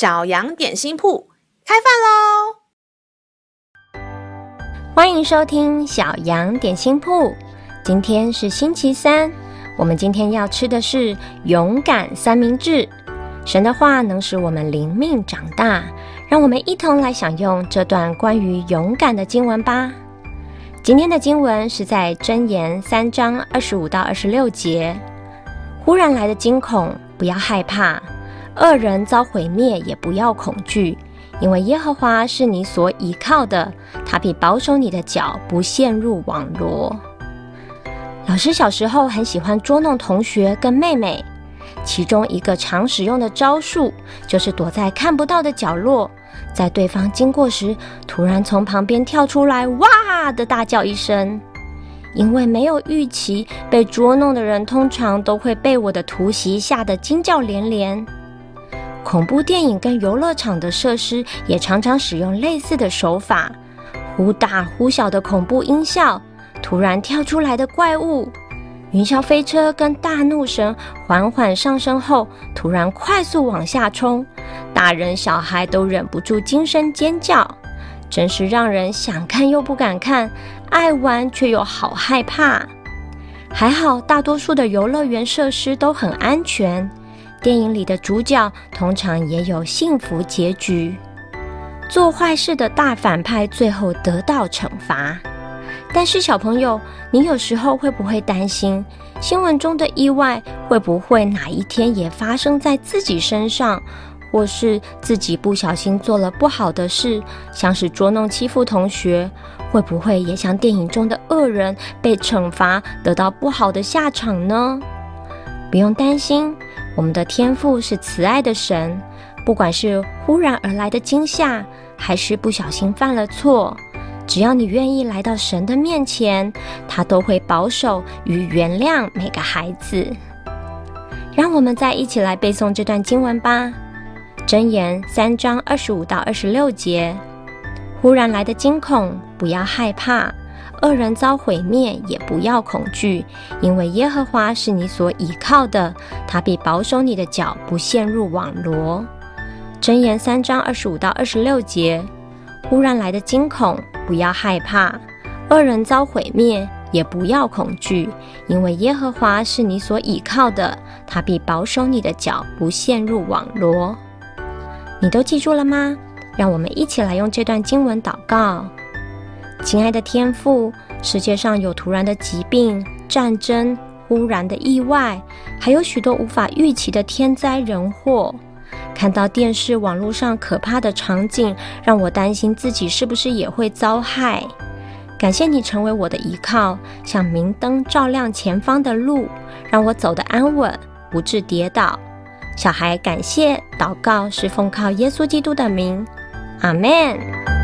小羊點心鋪開飯嘍！歡迎收聽小羊點心鋪。今天是星期三，我們今天要吃的是勇敢三明治。神的話能使我們靈命長大，讓我們一同來享用這段關於勇敢的經文吧。今天的經文是在箴言三章二十五到二十六節。忽然來的驚恐，不要害怕。惡人遭毀滅，也不要恐懼，因為耶和華是你所倚靠的，他必保守你的腳不陷入網羅。老師小時候很喜歡捉弄同學跟妹妹，其中一個常使用的招數就是躲在看不到的角落，在對方經過時突然從旁邊跳出來，哇的大叫一聲。因為沒有預期，被捉弄的人通常都會被我的突襲嚇得驚叫連連。恐怖電影跟遊樂場的設施也常常使用類似的手法，忽大忽小的恐怖音效，突然跳出來的怪物，雲霄飛車跟大怒神緩緩上升後突然快速往下衝，大人小孩都忍不住驚聲尖叫，真是讓人想看又不敢看，愛玩卻又好害怕。還好大多數的遊樂園設施都很安全。電影裡的主角通常也有幸福結局，做壞事的大反派最後得到懲罰。但是小朋友，你有時候會不會擔心，新聞中的意外會不會哪一天也發生在自己身上，或是自己不小心做了不好的事，像是捉弄欺負同學，會不會也像電影中的惡人被懲罰，得到不好的下場呢？不用擔心。我們的天父是慈愛的神，不管是忽然而來的驚嚇，還是不小心犯了錯，只要你願意來到神的面前，他都會保守與原諒每個孩子。讓我們再一起來背誦這段經文吧，《箴言》三章二十五到二十六節：忽然來的驚恐，不要害怕。惡人遭毀滅，也不要恐懼，因為耶和華是你所倚靠的，他必保守你的腳不陷入網羅。箴言三章二十五到二十六節。忽然來的驚恐，不要害怕；惡人遭毀滅，也不要恐懼，因為耶和華是你所倚靠的，他必保守你的腳不陷入網羅。你都記住了嗎？讓我們一起來用這段經文禱告。親愛的天父，世界上有突然的疾病、戰爭、忽然的意外，還有許多無法預期的天災人禍。看到電視、網絡上可怕的場景，讓我擔心自己是不是也會遭害。感謝你成為我的依靠，像明燈照亮前方的路，讓我走得安穩，不致跌倒。小孩感謝禱告，是奉靠耶穌基督的名，阿門。